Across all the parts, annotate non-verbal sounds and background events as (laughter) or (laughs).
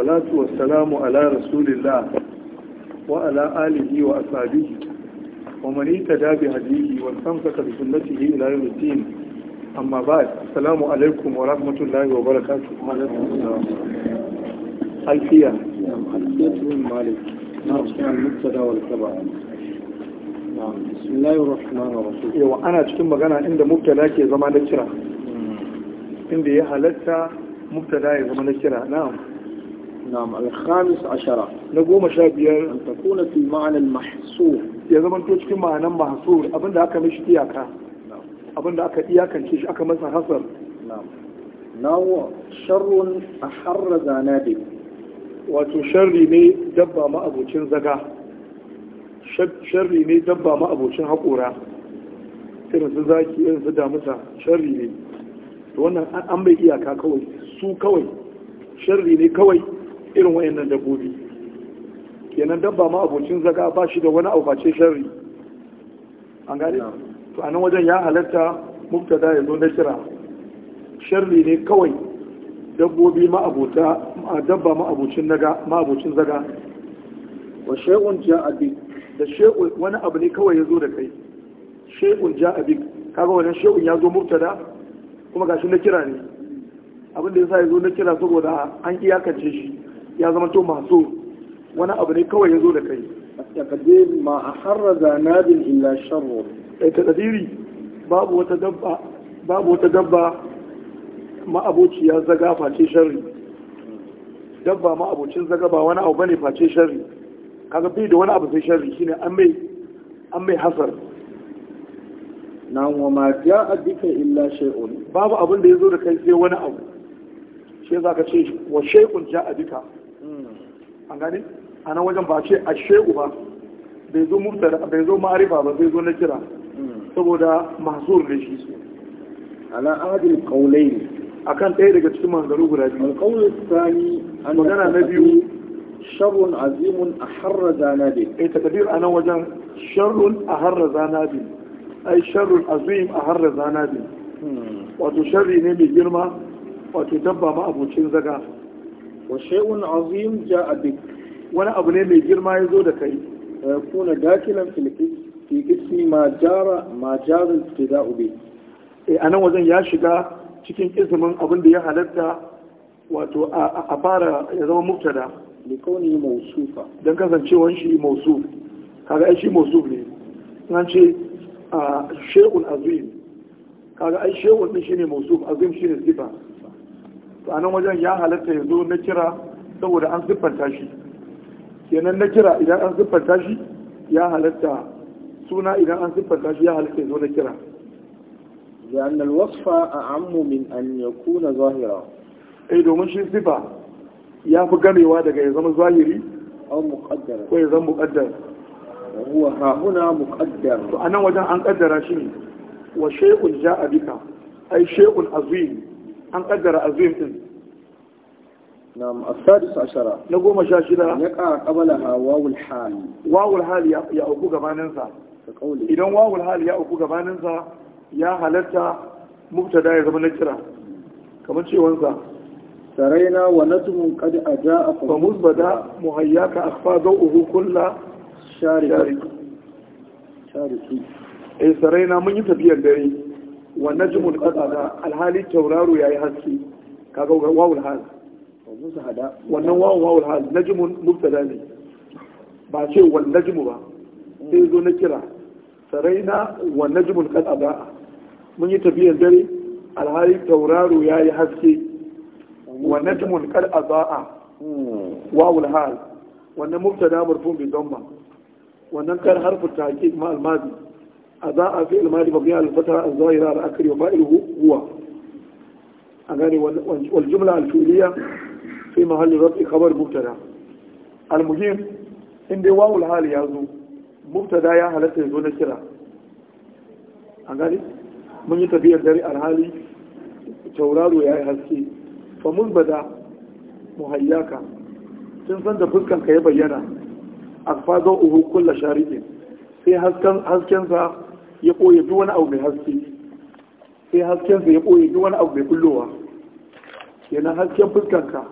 salatu wassalamu ala rasulillah wa ala alihi wa ashabihi wa man ittaba bi hadithi wa samaka bi sunnatihi ila yawm al amma ba'd assalamu alaikum wa rahmatullahi wa barakatuh wa alaikum assalam alfiya al-qadim malik nasr al-muttada wal tabaan na'am bismillahir rahmanir rahim wa ana cikin magana inda mubtala ke zama na kira hmm. inda ya halatta mubtada ya zama na kira نعم الخامس عشرة نقوم شابير أن تكون في معنى المحصور يا زمن توش كما أنا محصور أبن ده أكا مش إياكا أبن ده أكا إياكا أكا مسا حصر نعم شر أحر زانادي wato sharri ne dabba ma'abocin zaga sharri ne dabba ma'abocin haƙora irin su zaki irin su damuta sharri ne wannan an bai iyaka kawai su kawai sharri ne kawai irin wayannan dabbobi kenan dabba ma abocin zaga ba shi da wani auface sharri an gane to anan wajen ya halatta muktada ya zo na kira sharri ne kawai dabbobi ma abota dabba ma abocin naga ma abocin zaga wa shay'un ja'a da shay'un wani abu ne kawai ya zo da kai shay'un ja'a bi kaga wannan shay'un ya zo muktada kuma gashi na kira ne abin da yasa ya zo na kira saboda an iyakance shi ya zama to masu wani abu ne kawai ya zo da kai A ma التقدير ما أحرز ناد إلا شر تقديري باب وتدبع babu wata dabba ma'aboci ya zaga face shari. dabba ma zaga ba wani abu bane face sharri kaga bai da wani abu sai sharri shine an mai an mai hasar na wa ma ja'a addika illa shay'un babu abin da yazo da kai sai wani abu shi zaka ce wa shay'un ja addika an a nan wajen ba ce a shegu ba bai zo murtar bai zo ma'arifa ba bai zo na kira saboda masu da shi su ala adil qawlayn akan ɗaya daga cikin manzaru guda biyu alqawl tsani magana na biyu sharrun azimun aharra zanabi ai eh, takdir a nan wajen sharrun aharra zanabi ai sharrun azim aharra zanabi hmm. wato sharri ne mai girma wato dabba ma abocin zaga wa shay'un azim ja'a bik wani abu ne mai girma ya zo da kai eh, kuna dakilan fil fi ismi ma jara ma jara ibtida'u bi eh anan wajen ya shiga cikin ismin abin da ya halatta wato a fara ya zama mubtada li kauni mawsufa dan kasancewar shi mawsuf kaga ai shi mawsuf ne An ce ah, shay'un azim kaga ai shay'un din shine mawsuf azim shine sifa to anan wajen ya halatta ya zo na kira saboda an siffanta shi kenan na kira idan an siffanta shi ya halatta suna idan an siffanta shi ya halatta ya zo na kira لأن الوصف أعم من أن zahira. ظاهرا eh, domin shi شي ya fi ganewa daga ya zama zahiri aw muqaddar ko ya zama muqaddar huwa ha huna muqaddar to anan wajen an kaddara shi ne wa shay'un ja'a bika ay shay'un azim An ƙaddar a zim ɗin. Na mu'amfanta su a shara. Na goma sha shida. Ya ƙara ƙamalan a wawulhali. Wawulhali ya uku gabaninsa. Ka ƙaule. Idan ya uku gabaninsa, ya halatta, Mukta da ya zama na Kamar cewansa. Sarai na wanne tun a da a famu? Famu da muhaya ka asfa, dau ubu kula share. Eh, sarai na mun yi tafiyar dare. Wannan wa najmul qadada alhali tauraro ya yi haske kaga wawul hal wannan wawul wawul hal jimun mubtada ne ba ce wal jimu ba sai zo na kira Sarai na saraina wa najmul qadada mun yi tafiyar dare alhali tauraro ya yi haske Wannan jimun kar a za'a wawul hal wannan mubtada marfu bi ma. wannan kar harfu ta'kid ma al-madi أضاء في ماضي مبني على الفترة الظاهرة على أكل وفائله هو أغاني والجملة الفعلية في محل رفع خبر مبتدا المهم إن دي واو الحال يازو مبتدا يا حالته دون كرا أغاني من يتبيع داري الحالي tauraro يا yi haske famun bada muhayyaka sun san da fuskanka ya bayyana a fazon uhu ya ɓoye duk wani abu mai haske sai haskensa ya ɓoye duk wani abu mai kullowa yana hasken fuskanka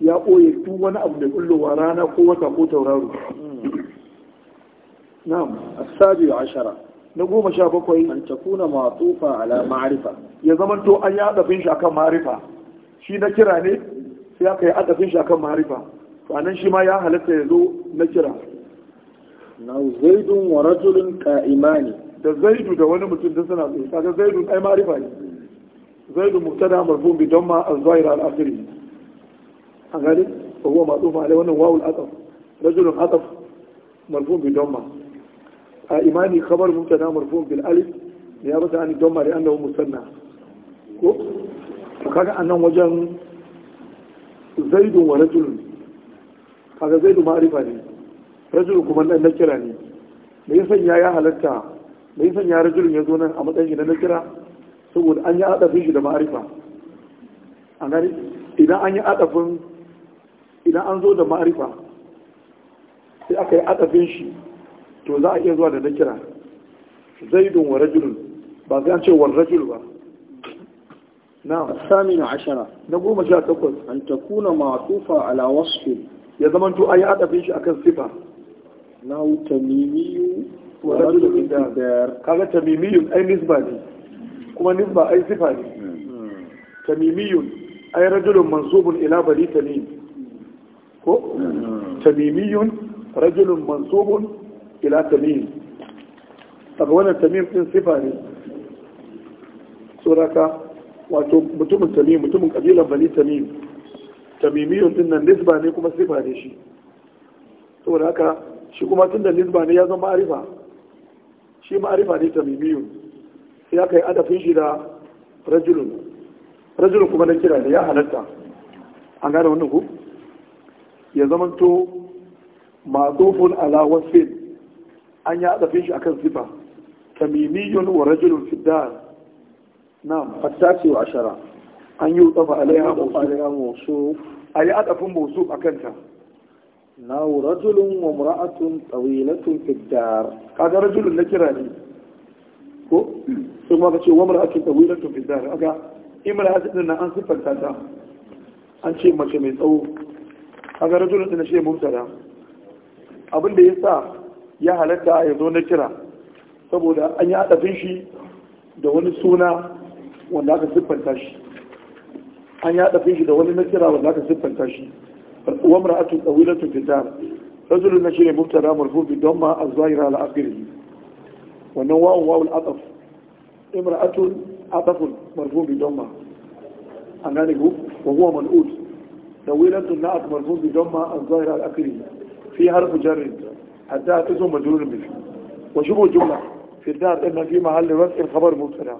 ya ɓoye duk wani abu mai kullowa rana ko wata ko tauraro na'am asabi ashara na goma sha bakwai an takuna matufa ala ma'arifa ya zama to an yi adafin shi akan ma'arifa shi na kira ne sai aka yi adafin shi akan ma'arifa to shi ma ya halatta ya zo na kira na zaidun wa rajulun imani. da zaidu da wani mutum da suna tsaye kaga zaidu ai ma'rifa ne zaidu mubtada marfu bi damma az-zahir al-akhir a gani fa huwa ma'tuf alai wannan wawu al-ataf rajulun ataf marfu bi damma a imani khabar mubtada marfu bil alif ya bata don damma da annahu musanna ko kaga annan wajen Zaidu wa rajulun kaga zaidu ma'rifa ne rajulun kuma nan nakira ne me yasa ya halatta da yi sanya rajulun ya zo nan a matsayin na kira saboda an yi adafin shi da ma'arifa a gani idan an yi adafin idan an zo da ma'arifa sai aka yi adafin shi to za a iya zuwa da na zai don wa rajulun ba sai an ce wa rajul ba na na ashara na goma sha takwas an takuna ma'atufa ala wasfin ya zamanto an yi adafin shi akan sifa na tamimiyu wa rajulun kaga tamimiyun ai nisba ne kuma nisba ai sifa ne hmm. tamimiyun ai rajulun mansubun ila bani tamim ko hmm. tamimiyun rajulun mansubun ila tamim daga wannan tamim din sifa ne suraka wato mutumin tamim mutumin kabilan bani tamim tamimiyun din nan nisba ne kuma sifa ne shi saboda shi kuma tun da nisba ne ya zama arifa shi ma'arifa ne tamimiyu sai aka yi adafin shi da rajulun rajulun kuma na kira da ya halatta an gane wannan ku ya to ma'adufun ala wasfin an yi adafin shi akan sifa tamimiyun wa rajulun fiddar na fattasi wa ashara an yi utsafa alayyar musu a yi adafin musu a kanta nawu rajulun wa mura'atun tsawilatun fiddar kaga rajulun na kira ne ko sai kuma ka ce wa mura'atun tsawilatun fiddar kaga imra din na an siffanta ta an ce mace mai tsawo kaga rajulun din shi mubtada abin da sa ya halatta ya zo na kira saboda an yi adafin shi da wani suna wanda aka siffanta shi an yi adafin shi da wani na kira wanda aka siffanta shi وامرأة طويلة في الدار رجل نشير مبتدا مرفوع بالضمة الظاهرة على آخره ونواء واو العطف امرأة عطف مرفوع بالضمة أنانه وهو منقول طويلة نعت مرفوع بالضمة الظاهرة على آخره في حرف جر حتى اسم مجرور به وشبه جملة في الدار إن في محل رفع الخبر مبتدا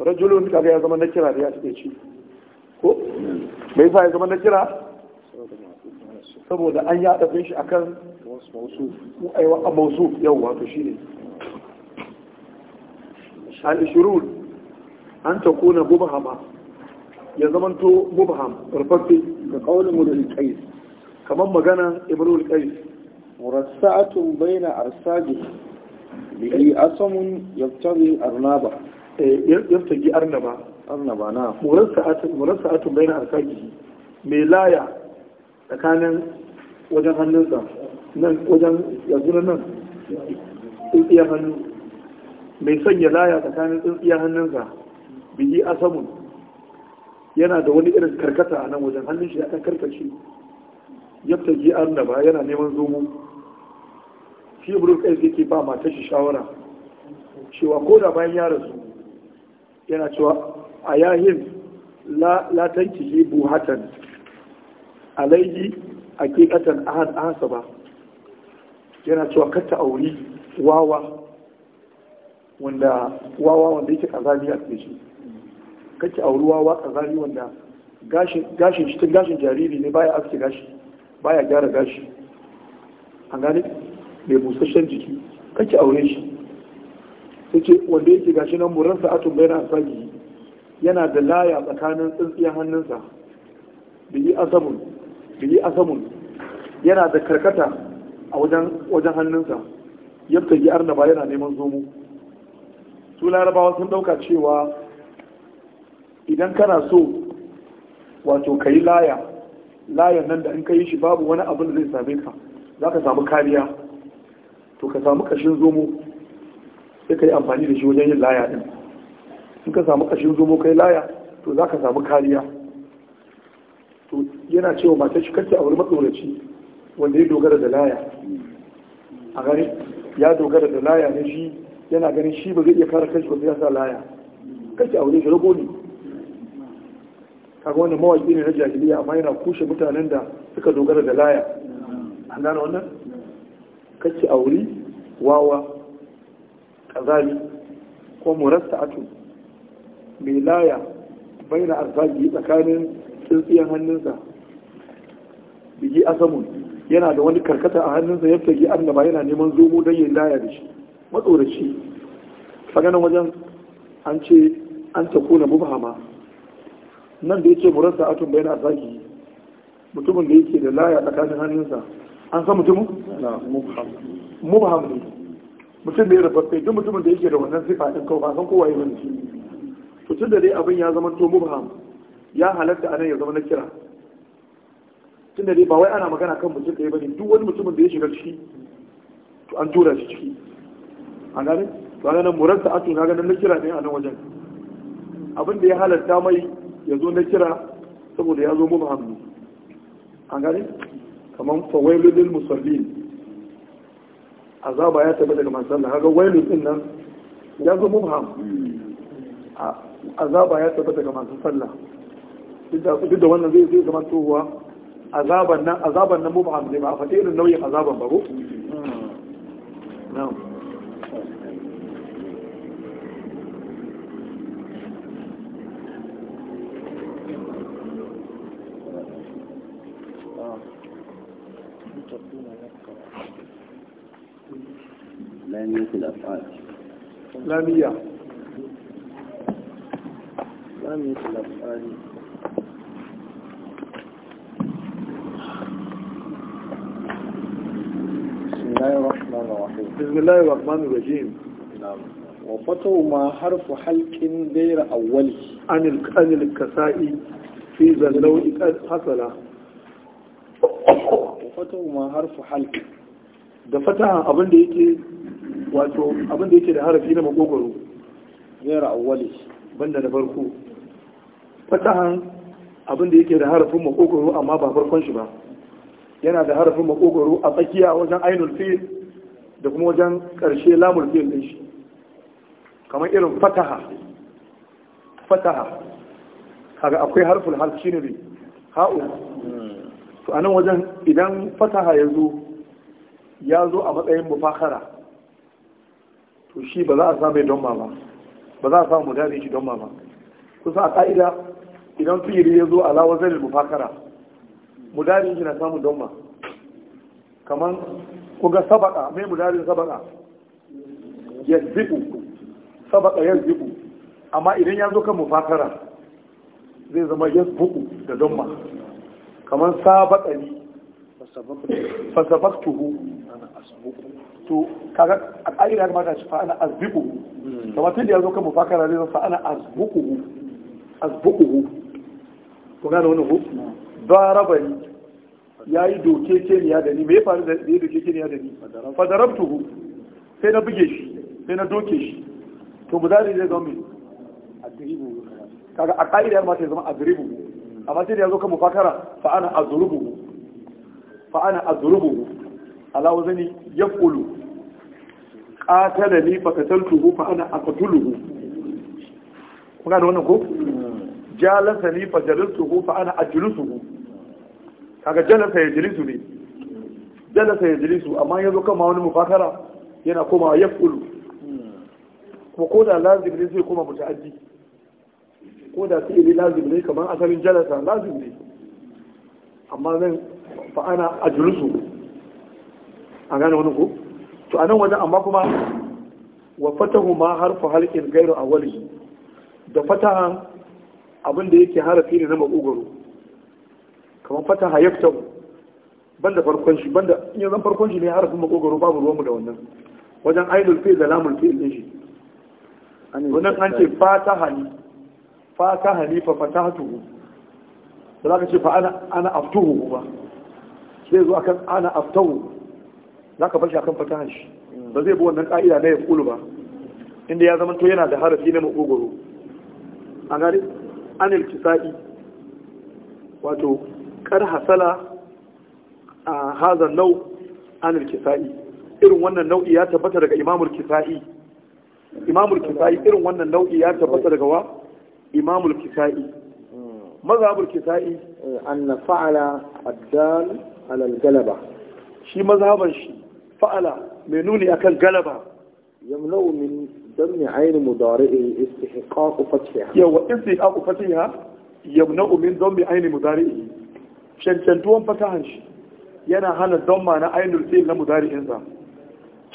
رجل كان يا زمان نكرة يا سيدي ko bai sa ya saboda an yada bin shi akan mausu yau wato shi ne al-shurur an ta kona mubhama ya zamanto mubham rufaffe ga kaulin mulul qais kamar magana ibrul qais murassa'atun baina arsaji bihi asamun yabtaghi arnaba eh, yabtaghi arnaba arnaba na murassa'atun murassa'atun baina arsaji mai laya tsakanin wajen hannunsa nan wajen yanzu nan tsintsiyar hannu mai sanya laya tsakanin tsintsiyar hannunsa biyi asamun yana da wani irin karkata a nan wajen hannun shi ya kan karkace yabta ji an da ba yana neman zomo shi buru kai ke ba matar shi shawara cewa ko da bayan ya rasu yana cewa a yahin latanki tanki buhatan alaihi hakikatan ahad ba. yana cewa kata auri wawa wanda wawa wanda yake kazani a cikin shi kake auri wawa kazani wanda gashin shi tun gashin jariri ne baya aske gashi baya gyara gashi an gane mai busasshen jiki kake aure shi sai ce wanda yake gashi nan muran atun bai na asali yana da laya tsakanin tsintsiyar hannunsa da yi asabun a samun yana da karkata a wajen hannunsa yadda yi arnaba yana neman zomo su larabawa sun dauka cewa idan kana so wato ka yi laya layan nan da in ka yi shi babu wani abin da zai same ka za ka samu kariya to ka samu kashin zomo sai ka yi amfani da shi wajen yin laya din in ka samu kashin zomo ka yi laya to za ka samu kariya yana cewa mata shi kanta a wani matsoraci wanda ya dogara da laya a gani ya dogara da laya ne shi yana ganin shi ba zai iya fara kashi wanda ya sa laya kanki a wani shi rago ne kaga wani mawaƙi ne na jahiliya amma yana kushe mutanen da suka dogara da laya an gane wannan kanki a wuri wawa kazali ko murasta atu mai laya bai na arzaki tsakanin tsintsiyan hannunsa yi asamun yana da wani karkata a hannunsa ya fage annaba yana neman zomo don yin laya da shi matsoraci faganin wajen an ce an ta kona mubhama nan da yake murarsa atun bayan zagi, mutumin da yake da laya tsakanin hannunsa an san mutumin? mubham ne mutum da ya sai duk mutumin da yake da wannan sifa ɗin kawai ba san kowa yi bane to tun da dai abin ya zama to mubham ya halatta a nan ya zama na kira tun da dai ba wai ana magana kan mutum ɗaya ba ne duk wani mutumin da ya shiga ciki to an tura shi ciki a gane to a ganin murarta a tuna ganin na kira ɗaya a nan wajen abin da ya halarta mai ya zo na kira saboda ya zo mu hannu a gane kamar fawailulil musallin azaba ya tabbata daga masu Allah kaga wailul din nan ya zo mu azaba ya tabbata daga masu sallah duk da wannan zai zai zama tohuwa azaban nan azaban nan mubham ne ba a faɗi irin nauyin azaban ba ko na'am لامية الأفعال لامية لامية الأفعال بسم الله الرحمن الرحيم وفتو ما حرف da fataha abinda yake wato da yake da harafi na magogoro gaira awwali banda da farko fatahan yake da harafin makogoro amma ba farkon shi ba yana da harafin makogoro a tsakiya wajen ainul fil da kuma wajen ƙarshe lamul fiye da shi kamar irin fataha fataha kaga akwai harful harf ne ne ha'u hmm. to anan wajen idan fataha ya zo ya zo a matsayin mufakara to shi ba za a samu don ba ba za a samu mu mudari shi don ba kusa a ka'ida idan fiye ya zo a ala wazanin mufakara mudari shi na samun don ba kamar kuga sabaka mai mudarin sabaka zibu sabaka zibu amma idan ya zo kan mufatara zai zama zibu da zama kamar sabaka fasabaktu hu to kaga a ƙa'ira ma mata shi fa ana azbiku kamar tun da ya zo kan mufatara zai fa ana azbuku azbuku to gane wani hu darabani ya yi doke keniya da ni me ya faru da ya doke da ni tuhu sai na buge shi sai na doke shi to mu zari zai zama kaga a ka'ida ya mata ya zama adribu amma sai da ya zo kan mufakara fa ana azrubu fa ana azrubu ala wazani yaqulu ni fakatar tuhu fa ana aqtuluhu kuma da wannan ko hmm. jalasa ni fajarar tuhu fa ana ajlusuhu kaga jalasa ya jilisu ne jalasa ya jilisu amma ya zo kama wani mufakara yana koma ya kulu kuma ko da lazim ne zai koma aji ko da sai ne lazim ne kamar asalin jalasa lazim ne amma zan fa'ana a ajlisu a gane wani ko to anan wajen amma kuma wa fatahu ma halkin gairu a wali da fata abin da yake harafi ne na makogaro kamar fataha yaftau banda farkon shi banda in yanzu farkon shi ne harafin makogaro babu ruwanmu da wannan wajen ainul fi da lamul fi din shi wannan an ce fataha ni fataha ni fa fatahtuhu ba za ka ce fa ana ana aftuhu ba sai zo akan ana aftahu za ka bar shi akan fatahan shi hmm. ba zai bi wannan ka'ida na ya kulu ba inda ya zama to yana da harafi na makogoro a gari anil kisa'i wato kar hasala a hazan nau anil kisa'i irin wannan nau'i ya tabbata daga imamul kisa'i imamul kisa'i irin wannan nau'i ya tabbata daga wa imamul kisa'i mazhabul kisa'i anna fa'ala addal ala galaba shi mazhaban shi fa'ala mai nuni akan galaba yamna'u min dammi ayn mudari'i istihqaq fathiha yawa istihqaq fathiha yamna'u min dammi ayn mudari'i cancantuwan fatahan shi yana hana zama na ainihin fi'il na mudari'insa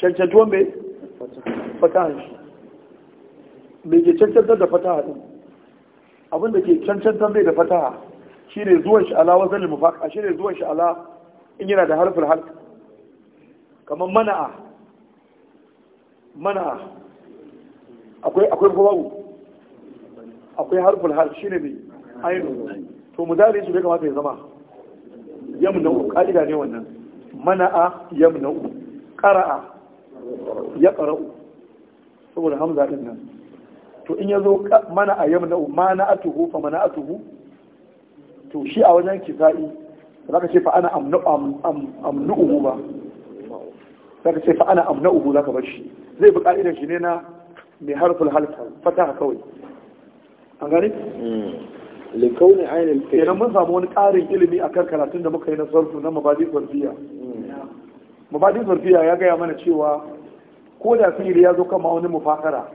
cancantuwan mai fatahan shi mai ke cancantar da fataha din abin da ke cancantar mai da fataha shine zuwan shi ala wazan limufaka shine zuwan shi ala in yana da harfin halka kamar mana'a mana'a akwai akwai akwai harfin shi shine mai ainihin to mudari su ne kamata ya zama yamna'u ƙa'ida ne wannan mana'a yamna'u ƙara'a ya ƙara'u saboda hamza ɗin nan to in ya zo mana'a yamna'u tuhu fa tuhu to shi a wajen kisa'i ka ce fa ana amnu amnu'uhu ba za ka ce fa ana za ka bar shi zai bi ƙa'idar shi ne na mai harfin halittar fataha kawai an gane hmm. likauni ainihin fiye idan mun samu wani ƙarin ilimi a kan karatun da muka yi na sarfu na mabadi sarfiya mabadi sarfiya ya gaya mana cewa ko da fi'ili ya zo kan wani mufakara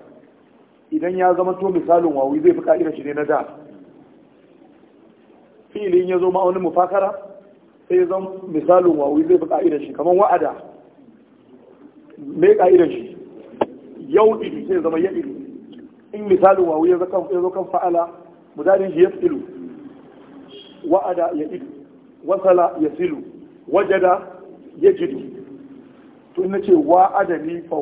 idan ya zama to misalin wawi zai fi ka'idar shi ne na da fi'ilin ya zo ma'aunin mufakara sai ya zama misalin wawi zai fi ka'idar shi kamar wa'ada mai ka'idar shi yau idu sai zama ya idu in misalin wawi ya zo kan fa'ala mudari shi ya yafsilu wa'ada ya idu wasala ya silu wajada ya jidu Tun na ce wa'adani fa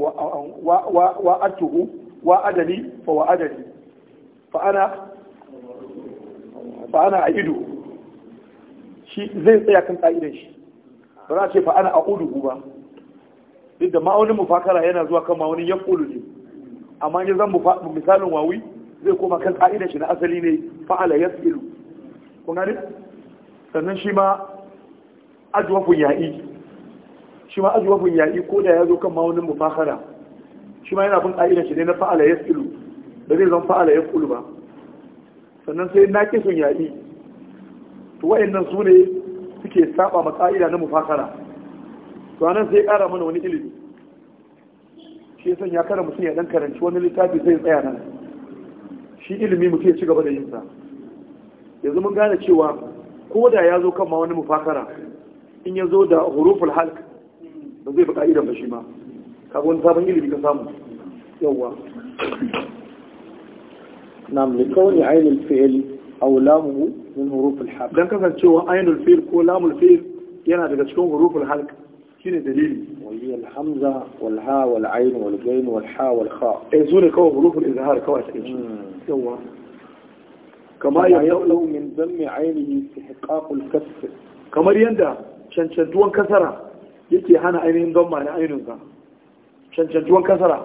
wa'atuhu wa'adani fa wa'adani fa a idu shi zai tsaya kan ka'idan shi ba za ce fa'ana a uduhu ba duk da ma'aunin mufakara yana zuwa kan ma'aunin ya ne amma ya zan misalin wawi zai koma kan ka'idar shi na asali ne fa'ala yas'ilu Kuma ne? sannan shi ma ajwafun ya'i shi ma ajwafun ya'i ko da ya zo kan ma'aunin mufakara shi ma yana bin ka'idar shi ne na fa'ala yas'ilu ba zai zan fa'ala yas'ulu ba sannan sai na sun ya'i to nan su ne suke saba ma ka'ida na mufakara to anan sai ƙara mana wani ilimi shi ya ya kara mutum ya dan karanci wani littafi sai tsaya nan shi ilimi mutum ya ci gaba da yin sa yanzu mun gane cewa ko da ya zo kan ma wani mufakara in ya zo da huruful halk ba zai baka idan ba shi ma kaga wani sabon ilimi ka samu yawwa nam li kawni ainul fi'l aw lamuhu min huruful halk dan kasancewa ainul fi'l ko lamul fi'l yana daga cikin huruful halk shine dalili wani alhamza wal ha wal ain wal gain wal ha wal kha eh zure kawai huruful izhar kawai take yawa kama ya yau min zammi ainihi istihqaqul kasr kamar yadda cancantuwan kasara yake hana ainihin zamma na ainihin sa cancantuwan kasara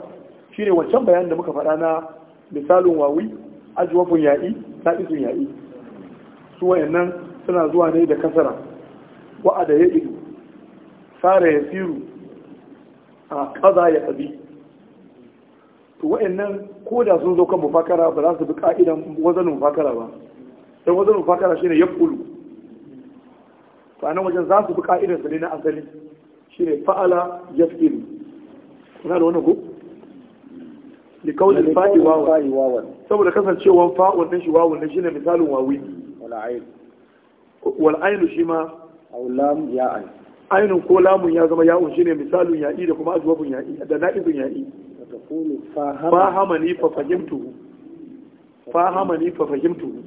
shine wancan bayanin da muka faɗa na misalin wawi ajiwafin ya'i sa'isun ya'i su wayannan suna zuwa ne da kasara wa'ada ya idu sara ya siru a kaza ya ƙabi to wa'annan ko da sun zo kan mufakara ba za su bi ka'idan wazanin mufakara ba Sai wazanin mufakara shine yaqulu to anan wajen za su bi ka'idan su ne na asali shine fa'ala yaf'ilu kuna da wani ko li qawli fa'i wa saboda kasancewan fa'un din shi wawun din shine misalin wawi wal ayn wal ayn shi ma aw lam ya ayn ainun ko lamun ya zama ya'un shine misalin ya'i da kuma azwabun ya'i da na'ibun ya'i fahamani fa fahimtuhu fahamani fa fahimtuhu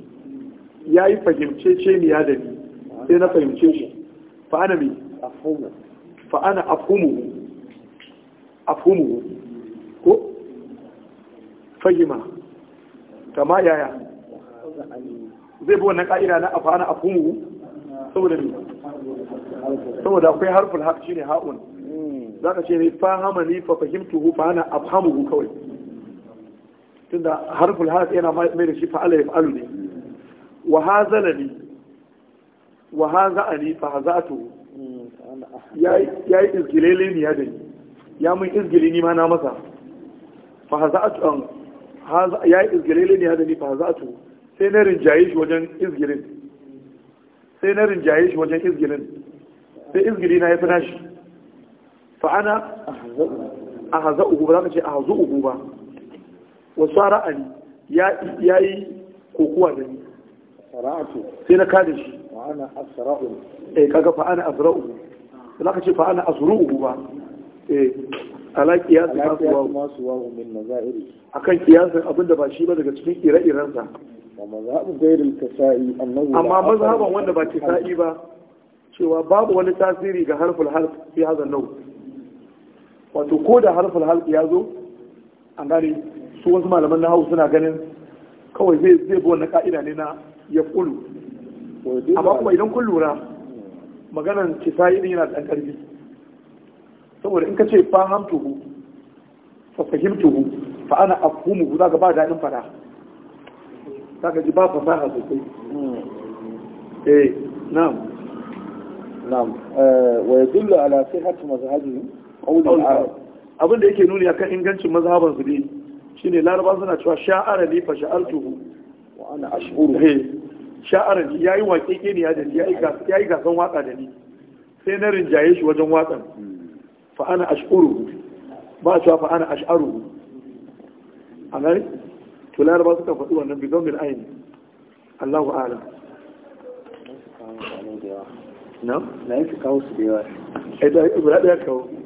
ya yi fahimce ce ni ya da ni sai na fahimce shi fa ana mi fa ana afhumu afhumu ko fahima kama yaya zai bi wannan ka'ira na afa ana afhumu saboda mi saboda akwai harful shi ne ha'un za ka ce ne fahama ni fa fahimtu hu fa abhamu hu kawai tunda harful hasi yana mai da shi fa ala yaf'alu ne wa hazalani wa haza'ani fa haza'atuhu yayi yayi izgilele ni ya dani ya mun izgile ni ma na masa fa haza'atu an um, haza yayi izgilele ni ya dani fa haza'atuhu sai na rinjaye shi wajen izgilin sai na rinjaye shi wajen izgilin sai izgili na ya fi nashi fa'ana a haza haza'uhu ba za ka ce a hazo haza'uhu ba wasu ra'ani ya yi kokuwa da ni sai na kada shi fa'ana asra'u eh kaga fa'ana asra'u ba za ka ce fa'ana asru'u ba eh ala qiyas ma suwa min mazairi akan qiyasin abinda ba shi ba daga cikin ire-irensa amma mazhaban wanda ba sa'i ba cewa babu wani tasiri ga harful har fi hazan nau' wato ko da harfin halki ya zo a gane su wasu malaman na hau suna ganin kawai zai zai bi wannan ka'ida ne na ya kulu amma kuma idan kun lura maganan yi din yana da ƙarfi saboda in ka ce fahamtuhu fa fahimtuhu fa ana afhumuhu za ka ba daɗin fada za ka ji ba fasaha sosai eh na'am na'am eh, wa yadullu ala sihhati mazhabihi abin da yake nuni akan ingancin mazhaban su ne shine laraba suna cewa sha'ara ne fa sha'altuhu wa ana ashhuru he eh, sha'ara ya yi waƙeƙe ne ya da gasan waƙa da ni sai na rinjaye shi wajen waƙan hmm. fa ana ashhuru ba cewa fa ana ash'aru a gari to laraba suka faɗi wannan bizon bil ayin Allahu a'lam na na kawo su da yawa kawo eh,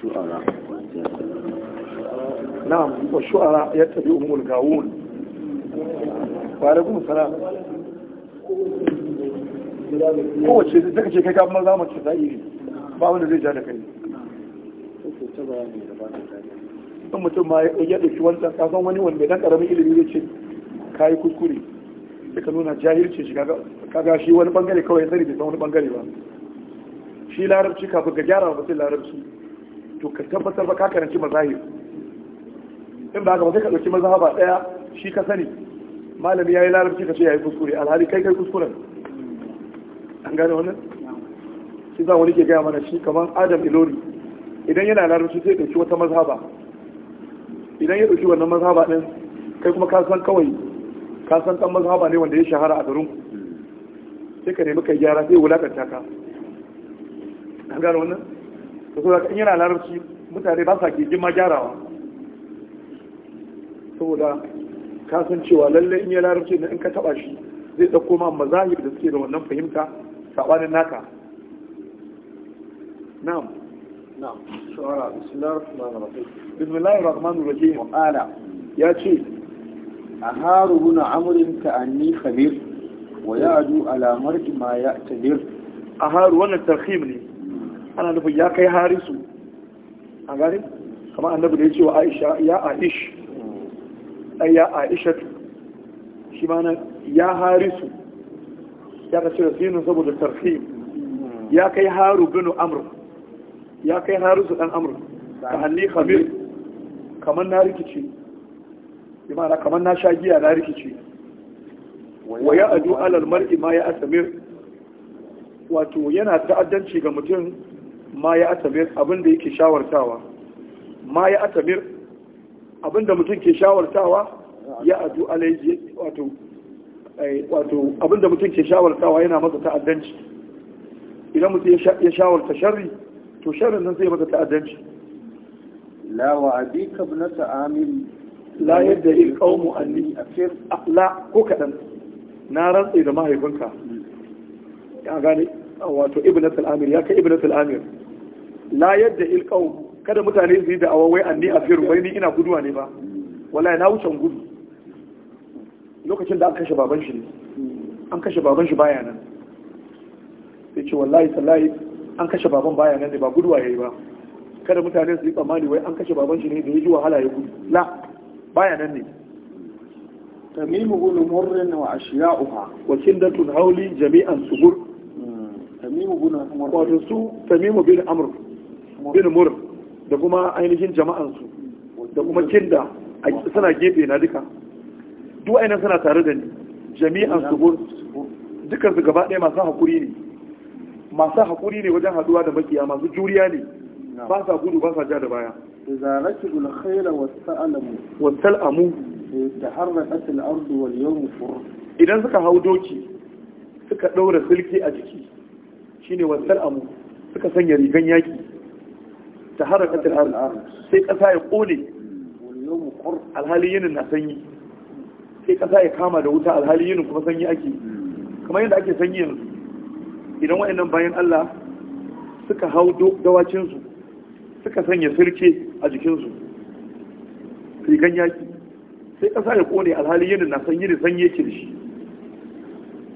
shu'ara na'am wa shu'ara ya tabi umul gawun wa alaikum salam kowace da take zai ja da kai in mutum ma ya ɗauki wancan kasan wani wanda dan ƙaramin ilimi zai ce ka yi kuskure sai ka nuna jahilci shi kaga shi wani bangare kawai ya sani bai san wani bangare ba shi larabci kafin ka gyara mutum larabci to ka tabbatar ba ka karanci mazahir in ba ka ba sai ka ɗauki ba ɗaya shi ka sani malami ya yi larabci ka ce ya yi kuskure alhali kai kai kuskuren an gane wannan shi za wani ke gaya mana shi kamar adam ilori idan yana larabci sai ɗauki wata mazhaba idan ya ɗauki wannan mazhaba ɗin kai kuma ka san kawai ka san ɗan mazhaba ne wanda ya shahara a garin sai ka nemi kai gyara sai wulakanta ka an gano wannan da so da yana larabci mutane ba sa ke ma gyarawa saboda kasancewa lallai in yi larabci na in ka taba shi zai ɗauko ma mazahib da suke da wannan fahimta saɓanin naka na'am na'am shawara bismillahir rahmanir rahim bismillahir rahmanir rahim ya ce a haru huna amurin a anni khabir wa ya'du ala mar'i ma ya'tadir a haru wannan tarhim ne ana nufin ya kai harisu a gani kamar Annabu da ya ce wa aisha ya aish ɗan ya aishatu shi ma ya harisu ya ka da sinin saboda tarfi ya kai haru binu amur ya kai harisu dan amr ka hannu khamir kamar na rikici bi ma'ana kamar na sha giya na rikici wa ya adu alal mar'i ma ya asamir wato yana ta'addanci ga mutum ma ya atabir abinda yake shawartawa ma ya atabir abinda mutum ke shawartawa ya adu alaiji wato eh, wato abinda mutum ke shawartawa yana masa ta'addanci idan mutum ya shawarta sharri to sharrin nan zai masa ta'addanci la wa abika ibnata amin la yadda il qawmu anni afir la ko kaɗan. na rantsa da mahaifinka hmm. ya gane wato ibnatul amir ya kai al amir la yadda ilqau kada mutane su yi da awawai anni afiru wai ni ina guduwa ne ba wallahi na wucin gudu lokacin da an kashe baban shi ne an kashe baban shi baya nan sai ce wallahi tallahi an kashe baban baya nan ne ba guduwa yayi ba kada mutane su yi tsammani wai an kashe baban shi ne da ya ji wahala ya gudu la baya nan ne tamimu bin murrin wa ashiya'uha wa kindatun hauli jami'an subur hmm. tamimu bin su tamimu bin amr bin mur da kuma ainihin jama'ansu da kuma kinda a suna gefe na duka duk ainihin suna tare da ni jami'an su dukkan su gaba ɗaya masu haƙuri ne masu haƙuri ne wajen haɗuwa da makiya masu juriya ne ba sa gudu ba sa ja da baya إذا ركبوا الخيل واستألموا واستلأموا تحركت الأرض واليوم فر إذا سكا هودوكي سكا دورة سلكي أجكي شيني واستلأموا سكا سنيا ريغان ta harakatar arzu sai ƙasa ya ƙone alhali yinin na sanyi sai ƙasa ya kama da wuta alhali yinin kuma sanyi ake kamar yadda ake sanyi yanzu idan wa'annan bayan Allah suka hau dawacinsu suka sanya sirke a jikinsu rigan yaki sai ƙasa ya ƙone alhali yinin na sanyi da sanyi yake da shi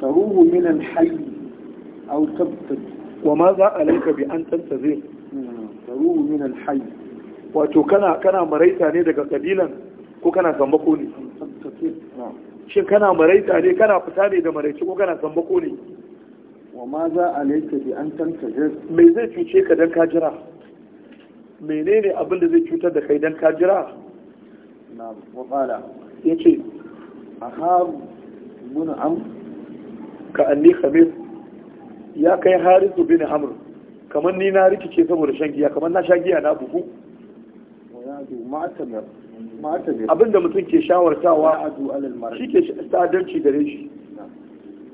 taruhu minan hayy aw tabtad wa ma za alayka bi an tantazir taruhu min alhayy wato kana kana maraita ne daga kabilan ko kana sambako ne shin kana maraita ne kana fita ne da maraici ko kana sambako ne wa ma za a alayka bi an tantajir me zai cuce ka dan ka jira menene abin da zai cutar da kai dan ka jira na wa qala yace ahab mun am ka anni khabir ya kai harisu bin amr kamar ni na rikice saboda shan giya kamar na sha giya na buhu abinda mutum ke shawartawa shi ke sadarci gare shi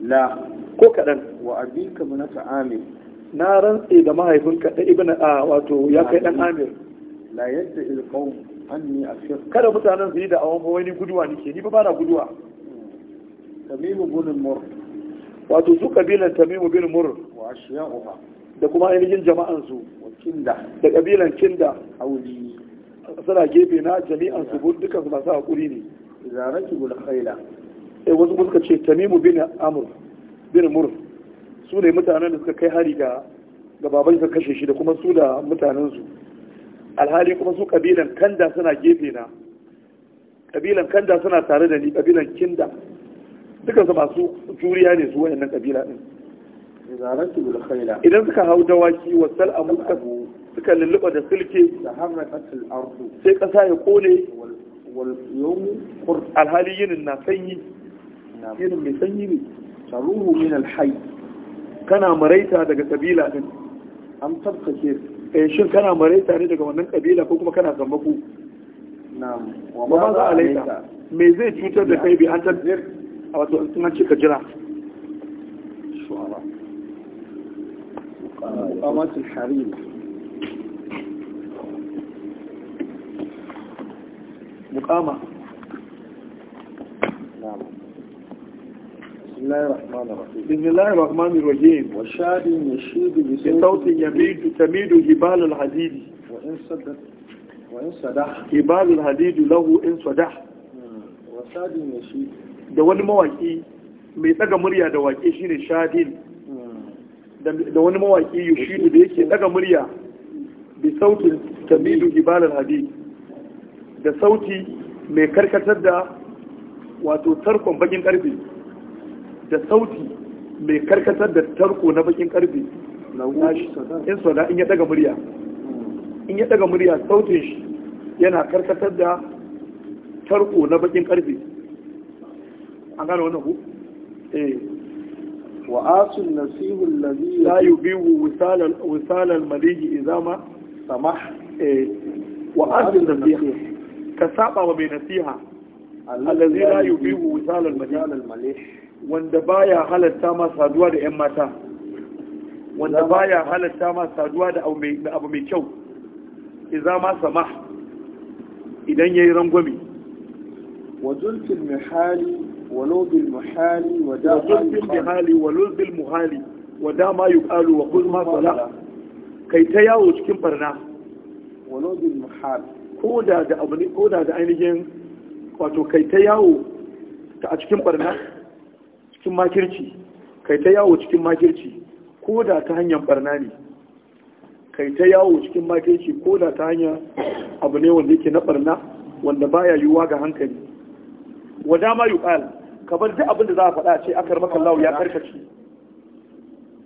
la ko kaɗan wa abinka munaka amir na rantse da mahaifinka da ibina a wato ya kai ɗan amir la yadda ilqawm a afir kada mutanen su yi da awon wani guduwa nake ni ba bana guduwa tamimu bin mur wato su kabilan tamimu bin mur wa ashya'uha da kuma ainihin jama'ansu da kabilan kinda suna gefe na jami'an su dukkan su masu haƙuri ne ki gula khaila eh wasu suka ce tamimu bin amur bin mur su ne mutanen da suka kai hari ga ga baban sa kashe shi da kuma su da mutanen su alhali kuma su kabilan kanda suna gefe na kabilan kanda suna tare da ni kabilan kinda dukkan su masu juriya ne su wayannan kabila din idan suka hau dawaki wa sal'amu suka lulluɓa da silke sai ƙasa ya kone alhali yinin na sanyi yinin mai sanyi ne taruhu min alhai kana maraita daga kabila din an tabbace eh, shin kana maraita ne daga wannan kabila ko kuma kana zambaku na'am ba ma za laita me zai cutar da kai bi an tabbir a wato in an cika jira إقامة الحريم مقامة نعم بسم الله الرحمن الرحيم بسم الله الرحمن الرحيم وشاد يشيد بصوت يبيد تميد جبال الحديد وإن صدق وإن صدح جبال الحديد له إن صدح وشاد يشيد ده مواكي ميتاق مريا دواكي شيني da da wani mawaki yushidu da yake daga murya da sautin tamidu ibalar hadi da sauti mai karkatar da wato tarkon bakin karfe da sauti mai karkatar da tarko na bakin karfe in sauda in ya daga murya in ya daga murya sautin shi yana karkatar da tarko na bakin karfe an gane wannan ku eh وآس النسيب الذي لا يبيه وصال وصال المليء إذا ما سمح وآس النسيح كسابة ومن الذي لا يبيه وصال المليء wanda baya halatta ma saduwa da 'yan mata wanda baya halatta ma saduwa da abu mai kyau iza idan ya yi rangwami wa zulfin mihali ولو بالمحال ودا بالمحال ولو بالمحال ودا ما يقال وخذ ما صلى kai ta yawo cikin barna walau bil muhal ko da da abu ne ko da da ainihin wato kai ta yawo a cikin barna cikin makirci kai ta yawo cikin makirci ko da ta hanyar barna ne kai ta yawo cikin makirci ko da ta hanyar abu ne wanda yake na barna wanda baya yiwuwa ga hankali wa dama yuqal ka duk abin da za a faɗa ce akar maka Allah ya karkace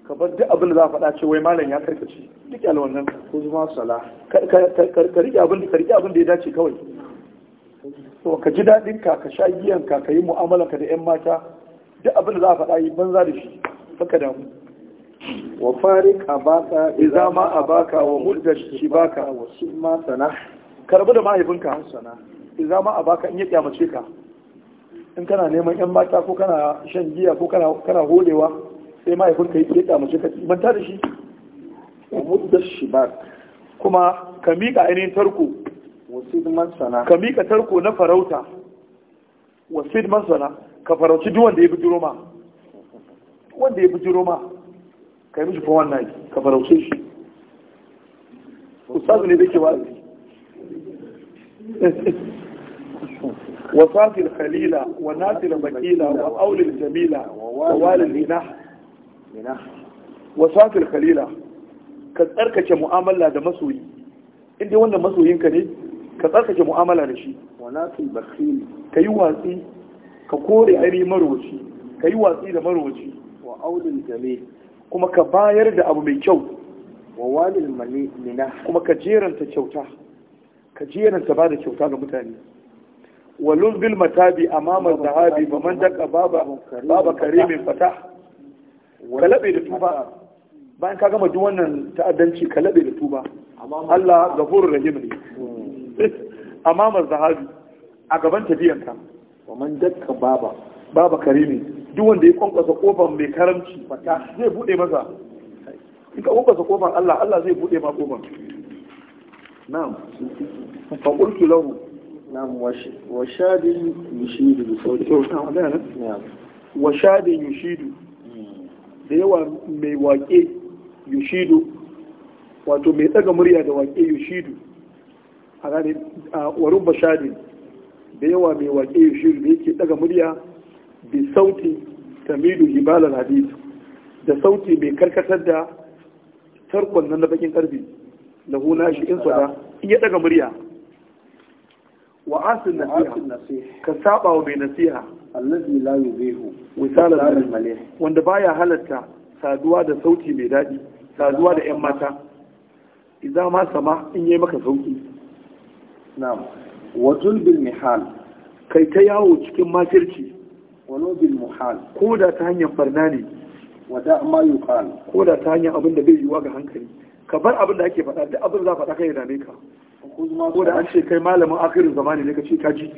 ka duk abin da za a faɗa ce wai malam ya karkace duk yalwa nan ko zuma sala ka rike abin da ka rike abin da ya dace kawai to ka ji daɗin ka ka sha giyan ka ka yi mu'amala ka da 'yan mata duk abin da za a faɗa yi banza da shi ka damu wa farik baka iza ma baka wa mudda shi wa wasu. sana karbu da mahaifinka Iza ma ma baka in ya kyamace ka in kana neman yan mata ko kana shan giya ko kana holewa sai mahaifin ka yi keta mace ka manta da shi da shi ba. kuma ka miƙa ainihin tarko ka miƙa tarko na farauta wasid masana ka farauci duk wanda ya bijiro ma wanda ya bijiro ma ka yi mishi fa wannan ka farauce shi ustazu ne da ke wa'azi (laughs) وصاف الخليلة وناس المكيلة وأول الجميلة ووال الإناح وصاف الخليلة كتركة مؤاملة ده مسوي إنتي وانا مسويين كني كتركة مؤاملة لشي وناس البخيل كي واسي كقوري عيني مروشي كي واسي ده وأول الجميل كما كباير دا أبو ميكو ووال المنيح كما كجيرا jeranta كجيرا تبادي jeranta لمتاني Walun bil matabi amama zahabi ba man daka baba baba karimin fata kalabe da tuba bayan ka gama duk wannan ta'addanci kalabe da tuba Allah gafur rahim ne (laughs) amama zahabi a gaban tabiyanka wa man daka baba baba karimi duk wanda ya kwankwasa kofar mai karamci fata zai bude masa in ka kwankwasa kofar Allah Allah zai bude ma kofar na'am fa qultu lahu نعم وشاد يشيد da yawa mai waƙe yushidu wato mai tsaga murya da waƙe yushidu a gane a warin bashadi da yawa mai waƙe yushidu da yake tsaga murya da sauti tamidu hibalar hadith da sauti mai karkatar da tarkon nan na bakin karfi da huna shi in sada iya ya murya wa asin nasiha ka saba wa mai nasiha allazi la yuzihu wisalan malih wanda baya halatta saduwa da sauti mai daɗi saduwa da 'yan mata idan ma sama in yi maka sauki na'am wa bil mihal kai ta yawo cikin makirci walau bil muhal ko da ta hanyar barna ne wa da ma yuqal ko da ta hanyar abin da bai yiwa ga hankali ka bar abin da ake faɗa da abin za faɗa kai da ne ka ko da an ce kai malamin akirin zamani ne ka ce kaji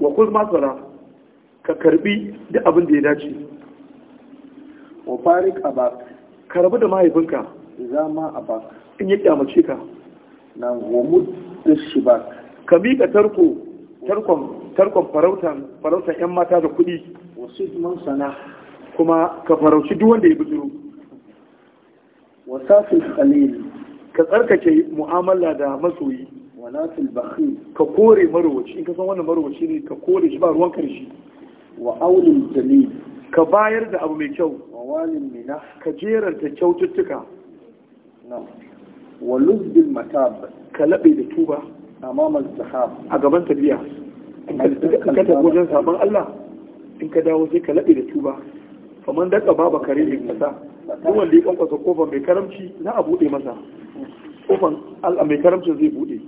wa kuzma tsara ka karbi da abin da ya dace wa farik ba karbi da mahaifinka zama ba in ya kyamace ka na da shi ba. ka miƙa tarko tarkon farautan yan mata da kuɗi wasu man sana kuma ka farauci duk wanda ya bijiro wasafin kalili ka tsarkake mu'amala da masoyi wala fil bakhil ka kore marwaci in ka san wannan marwaci ne ka kore shi ba ruwan karshe wa aulin jamil ka bayar da abu mai kyau wa walin mina ka ta kyaututtuka na wa luzbil matab ka labe da tuba amama sahab a gaban tafiya ka ta wajen sabon Allah in ka dawo sai ka labe da tuba faman daka baba kare ne kasa duk wanda ya kankwasa kofar mai karamci na a buɗe masa kofan Allah mai karamcin zai bude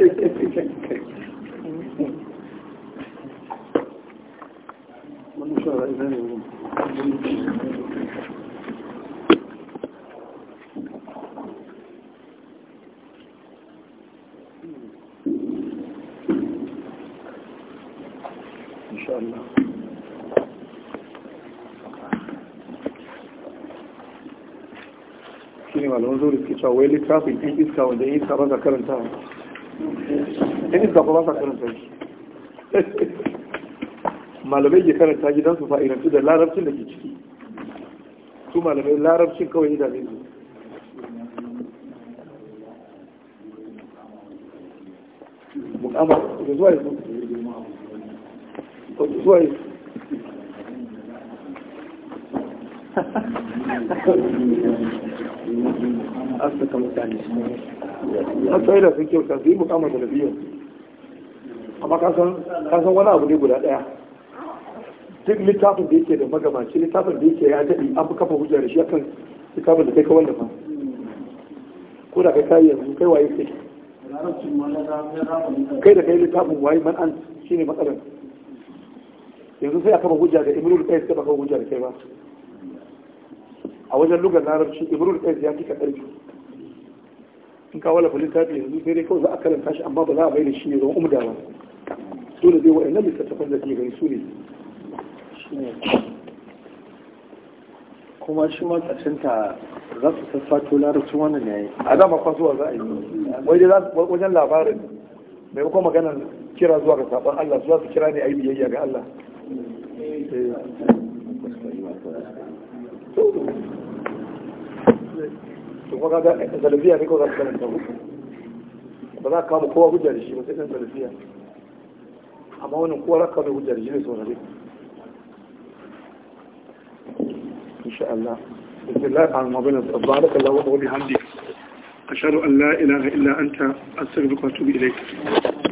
Thank you. suke cewa wai littafin ɗin iska wanda ya iska ba sa karanta ɗin iska ba sa karanta shi malamai ke karanta gidan su fa'irantu da larabcin da ke ciki su malamai larabcin kawai da zai mukama zuwa Thank you. (laughs) arzika mutane har sai da sun kyauta su yi mukamar salafiya amma kasan wani abu ne guda daya duk littafin da yake da magabaci littafin da yake ya daɗi an fi kafa hujja da shi akan littafin da kai kawai da fa ko da kai kai yanzu kai waye kai kai da kai littafin waye man an ne matsalar yanzu sai a kafa hujja da imrul qais ka kafa hujja da kai ba a wajen lugar larabci imrul qais ya kika karfi in ka wallafa tafi yanzu sai dai kawai za a karanta shi amma ba za a bayyana shi ne zama umda ba dole zai wa'annan littattafan da ke gani su ne kuma shi ma ta za su sassato larabcin wannan yayi a dama kwasuwa za a yi wajen labarin maimakon maganar kira zuwa ga sabon Allah zuwa su kira ne a yi biyayya ga Allah Thank eh. you. to kuma ga salafiya ne ko za su ba za ka kama kowa hujja da shi ba sai ɗan salafiya amma wannan kowa za ka hujja da shi ne saurare insha Allah بسم الله الرحمن Allah wa bihamdi ashhadu an la ilaha illa anta astaghfiruka wa atubu ilayk